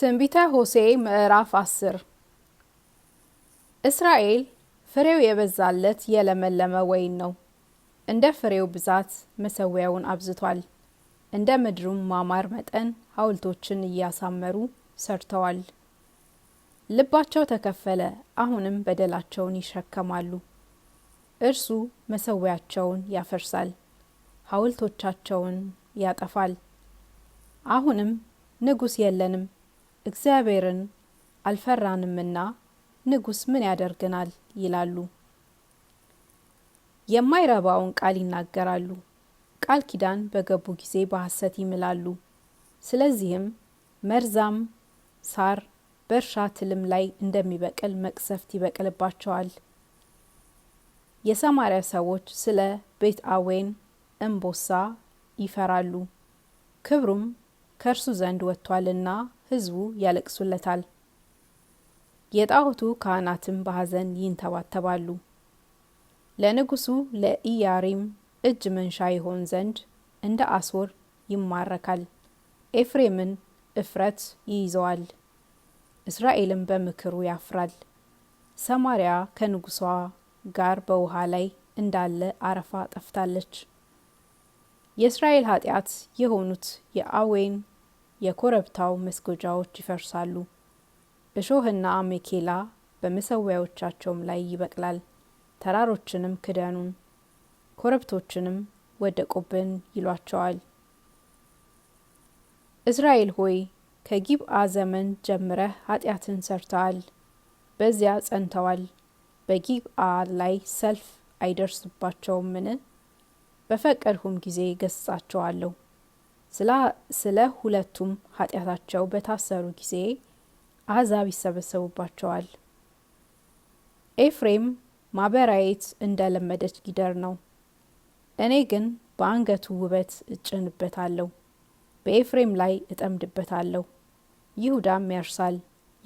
ትንቢተ ሆሴ ምዕራፍ አስር እስራኤል ፍሬው የበዛለት የለመለመ ወይን ነው። እንደ ፍሬው ብዛት መሰዊያውን አብዝቷል፣ እንደ ምድሩም ማማር መጠን ሐውልቶችን እያሳመሩ ሰርተዋል። ልባቸው ተከፈለ፣ አሁንም በደላቸውን ይሸከማሉ። እርሱ መሰዊያቸውን ያፈርሳል፣ ሐውልቶቻቸውን ያጠፋል። አሁንም ንጉሥ የለንም እግዚአብሔርን አልፈራንምና ንጉስ ምን ያደርገናል ይላሉ። የማይረባውን ቃል ይናገራሉ። ቃል ኪዳን በገቡ ጊዜ በሐሰት ይምላሉ። ስለዚህም መርዛም ሳር በእርሻ ትልም ላይ እንደሚበቅል መቅሰፍት ይበቅልባቸዋል። የሰማሪያ ሰዎች ስለ ቤት አዌን እምቦሳ ይፈራሉ፣ ክብሩም ከእርሱ ዘንድ ወጥቷልና ህዝቡ ያለቅሱለታል። የጣዖቱ ካህናትም በሐዘን ይንተባተባሉ። ለንጉሱ ለኢያሪም እጅ መንሻ ይሆን ዘንድ እንደ አሶር ይማረካል። ኤፍሬምን እፍረት ይይዘዋል፣ እስራኤልም በምክሩ ያፍራል። ሰማሪያ ከንጉሷ ጋር በውሃ ላይ እንዳለ አረፋ ጠፍታለች። የእስራኤል ኃጢአት የሆኑት የአዌን የኮረብታው መስጎጃዎች ይፈርሳሉ። እሾህና አሜኬላ በመሰዊያዎቻቸውም ላይ ይበቅላል። ተራሮችንም ክደኑን፣ ኮረብቶችንም ወደቁብን ይሏቸዋል። እስራኤል ሆይ ከጊብአ ዘመን ጀምረህ ኃጢአትን ሰርተዋል፣ በዚያ ጸንተዋል። በጊብአ ላይ ሰልፍ አይደርስባቸውምን? በፈቀድሁም ጊዜ ገስጻቸዋለሁ። ስለ ሁለቱም ኃጢአታቸው በታሰሩ ጊዜ አሕዛብ ይሰበሰቡባቸዋል። ኤፍሬም ማበራየት እንደለመደች ጊደር ነው። እኔ ግን በአንገቱ ውበት እጭንበታለሁ፣ በኤፍሬም ላይ እጠምድበታለሁ። ይሁዳም ያርሳል፣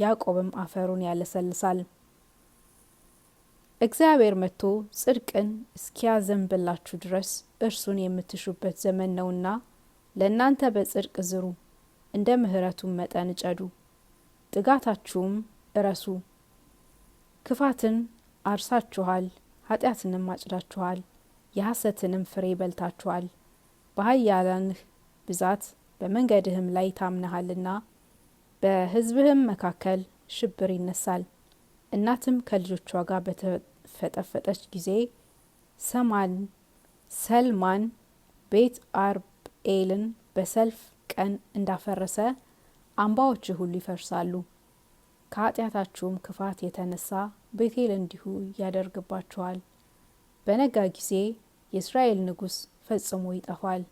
ያዕቆብም አፈሩን ያለሰልሳል። እግዚአብሔር መጥቶ ጽድቅን እስኪያዘንብላችሁ ድረስ እርሱን የምትሹበት ዘመን ነውና ለእናንተ በጽድቅ ዝሩ፣ እንደ ምሕረቱም መጠን እጨዱ፣ ጥጋታችሁም እረሱ። ክፋትን አርሳችኋል፣ ኃጢአትንም አጭዳችኋል፣ የሐሰትንም ፍሬ በልታችኋል። በኃያላንህ ብዛት በመንገድህም ላይ ታምነሃልና በሕዝብህም መካከል ሽብር ይነሳል። እናትም ከልጆቿ ጋር በተፈጠፈጠች ጊዜ ሰማን ሰልማን ቤት አርብ ኤልን በሰልፍ ቀን እንዳፈረሰ አምባዎች ሁሉ ይፈርሳሉ። ከኃጢአታችሁም ክፋት የተነሳ ቤቴል እንዲሁ ያደርግባችኋል። በነጋ ጊዜ የእስራኤል ንጉሥ ፈጽሞ ይጠፋል።